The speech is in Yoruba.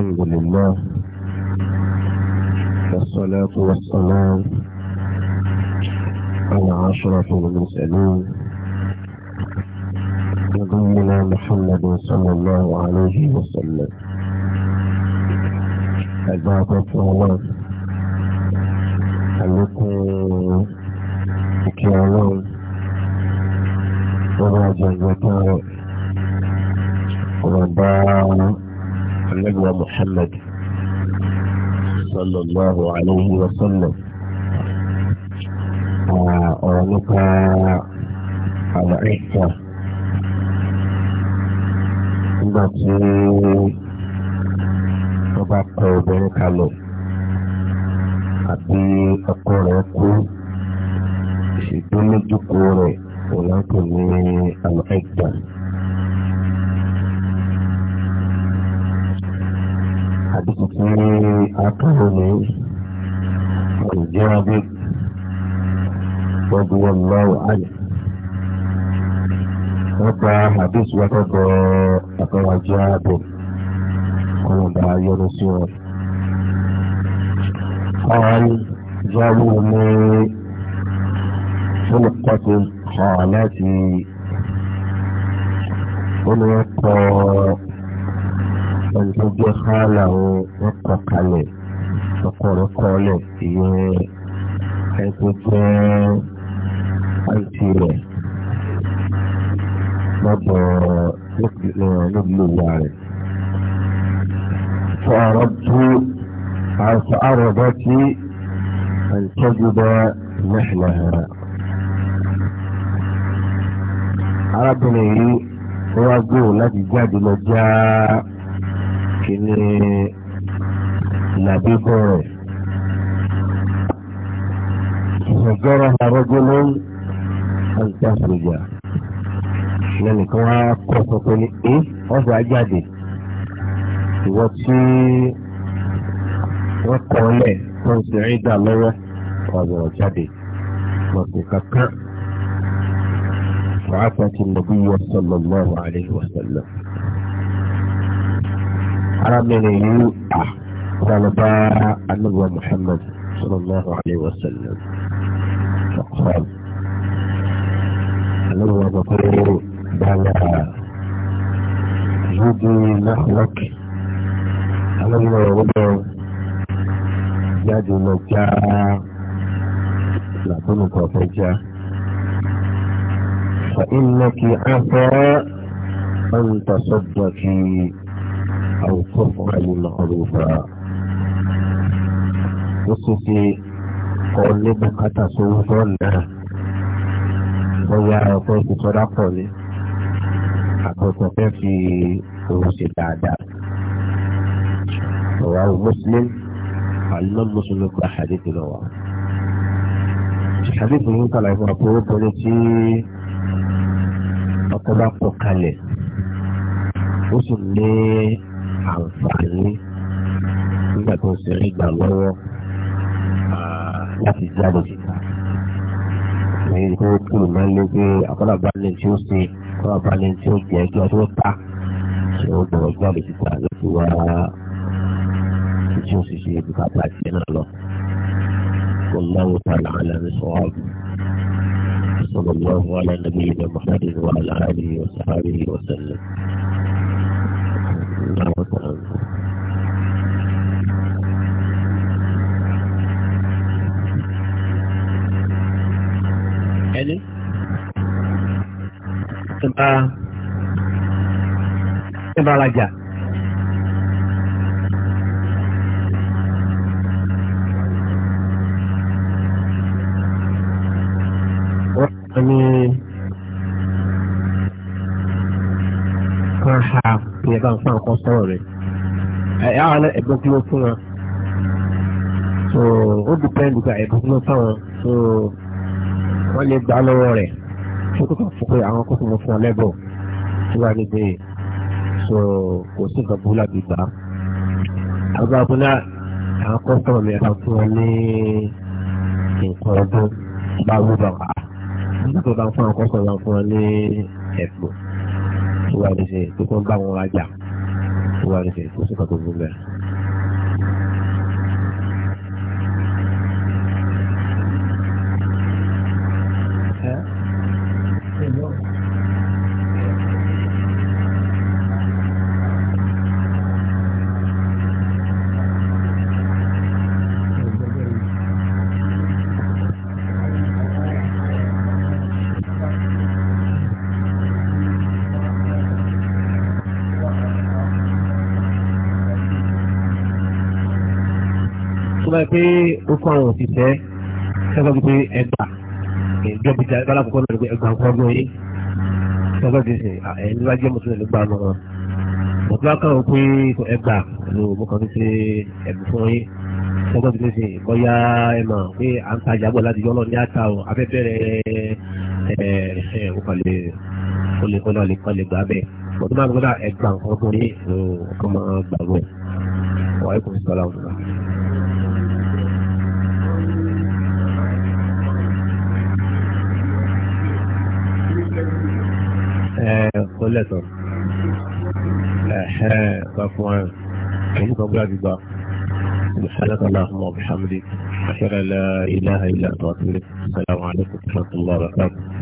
الحمد لله والصلاة والسلام على عشرة المسألين نبينا محمد صلى الله عليه وسلم أجابة الله التي كانوا وراجع جزتها ànábìwá محمد، صلى الله عليه وسلم. ọ̀rọ̀ على àlàáfíà nígbà tí wọ́n bá kọ obìnrin kalẹ̀ àti ọkọ rẹ̀ kú ìṣègbè rẹ̀ òun náà kò ní àdìsí tí akọ̀rọ̀ ní ìjẹ́wájú wọ́n wọ́n lọ́wọ́ àyè. wọ́n gba àdìsí wọn tọ́gbọ́ àkọ́wájú ààbò wọn bá yọrọ sí wọn. قال جابوا لي خلقة قالت ولقى ẹni tó jẹ́ hánà wọn wọ́n kọ̀ kalẹ̀ ọkọ̀ rẹ̀ kọ́lẹ̀ ìyẹn ẹni tó jẹ́ àìsí rẹ̀ lọ́dọ̀ lóbi ìyá rẹ̀. فأردت أن فأردت أن تجد نحلها arábìnrin yìí wọ́n wá gbòòrò láti jáde lọ jáá kìíní làbíbọ̀ rẹ̀. ìṣèjọba àrọ́jọ́ ló ń àǹtà sọ̀jà lẹ́nìkan wá kọ́ sọ pé ní ẹ́ ọ̀sẹ̀ ajáde ìwọ tí wọ́n kọ́ lẹ̀ tó ń ṣe lọ́wọ́ ọ̀sẹ̀ ọ̀jáde lọ́sẹ̀ kankan. وعفت النبي صلى الله عليه وسلم حرمني طلب النبي محمد صلى الله عليه وسلم فقال النبي بطير بلا جدي نخلك النبي ورد جدي نجا لا تنك وفجا فإنك عفا أن تصدقي أو تفعل معروفا وصفي قول بكتا سوفنا بويا أطوك صدقوني أطوك في روسي بعدا رواه مسلم علم مسلم بحديث رواه حديث yìí kàlà ìfọ̀ àpò obìnrin tí ọkọ bá pọ̀ kalẹ̀ ó sì lé àǹfààní nígbà tó ń ṣeré gbà lọ́wọ́ láti jáde síta. Èyí tó kù máa ń lé pé àkọ́làbálẹ̀ tí ó ṣe àkọ́làbálẹ̀ tí ó jẹ́ ẹjọ́ tó ta ṣe ó bọ̀rọ̀ jáde síta láti wá tí ó sì ṣe bùkátà tiẹ̀ náà lọ. والله تعالى على الصواب صلى الله على نبينا محمد وعلى اله وصحبه وسلم ìbárajà. ní wọ́n ha ní ẹ̀bá ń fún àwọn kan sọ̀rọ̀ rẹ̀ ẹ̀ àwọn náà ẹ̀bùn fún wọn so ó dìpẹ́ndì gba ẹ̀bùn kí ló fún wọn so wọ́n lè gbà lọ́wọ́ rẹ̀ fókòtò fúnpẹ́ àwọn kó fún mi fún ọlẹ́bọ̀ tí wàá níbi so kò sí nǹkan búlá bí gbà. àgbà abúlá àwọn kọ́sọ̀rọ̀ mi ẹ̀ka fún wọn ní nǹkan ọdún bá wú bàbá nígbà tó bá ń fún àwọn kọ́sọ̀rọ̀ wọn fún wọn ní ẹ̀pọ̀ tí wàá níbi tó kọ́ ń bá wọn wájà tí wàá níbi kò sí nǹkan tó bú tó báyìí pé ó kọ́ àwọn òṣìṣẹ́ ẹgbẹ́ bíi pé ẹgbà ìjọ bíi jẹ́ bala kọ́kọ́ náà ẹgbà kọ́ ọdún yìí ẹgbẹ́ bíi sè ẹni wá jẹ́ mùsùlùmí ló gbà mọ́ wọn. mo tún wá kàn ó pé ẹgbà ló mo kàn ní pé ẹ̀bù fún yín ẹgbẹ́ bíi sè bóyá ẹ mọ̀ pé à ń tajà bọ̀ láti yọ́nà ní àtà o abẹ́ bẹ̀rẹ̀ ẹ̀ ọ̀kàlẹ̀ ọ̀lẹ̀kọ̀lẹ̀ gbà bẹ́ẹ̀ mo tún bá gbọ́dọ̀ ẹgbà kọ́kọ́ ní ọkọ̀ mọ́ gbàgbọ́ wàá kò sí ọlá kò lẹ́tọ̀ gba fún ẹ òun kan gbé àdìgbà سبحانك اللهم وبحمدك أشهد أن لا إله إلا أنت أستغفرك السلام عليكم ورحمة الله وبركاته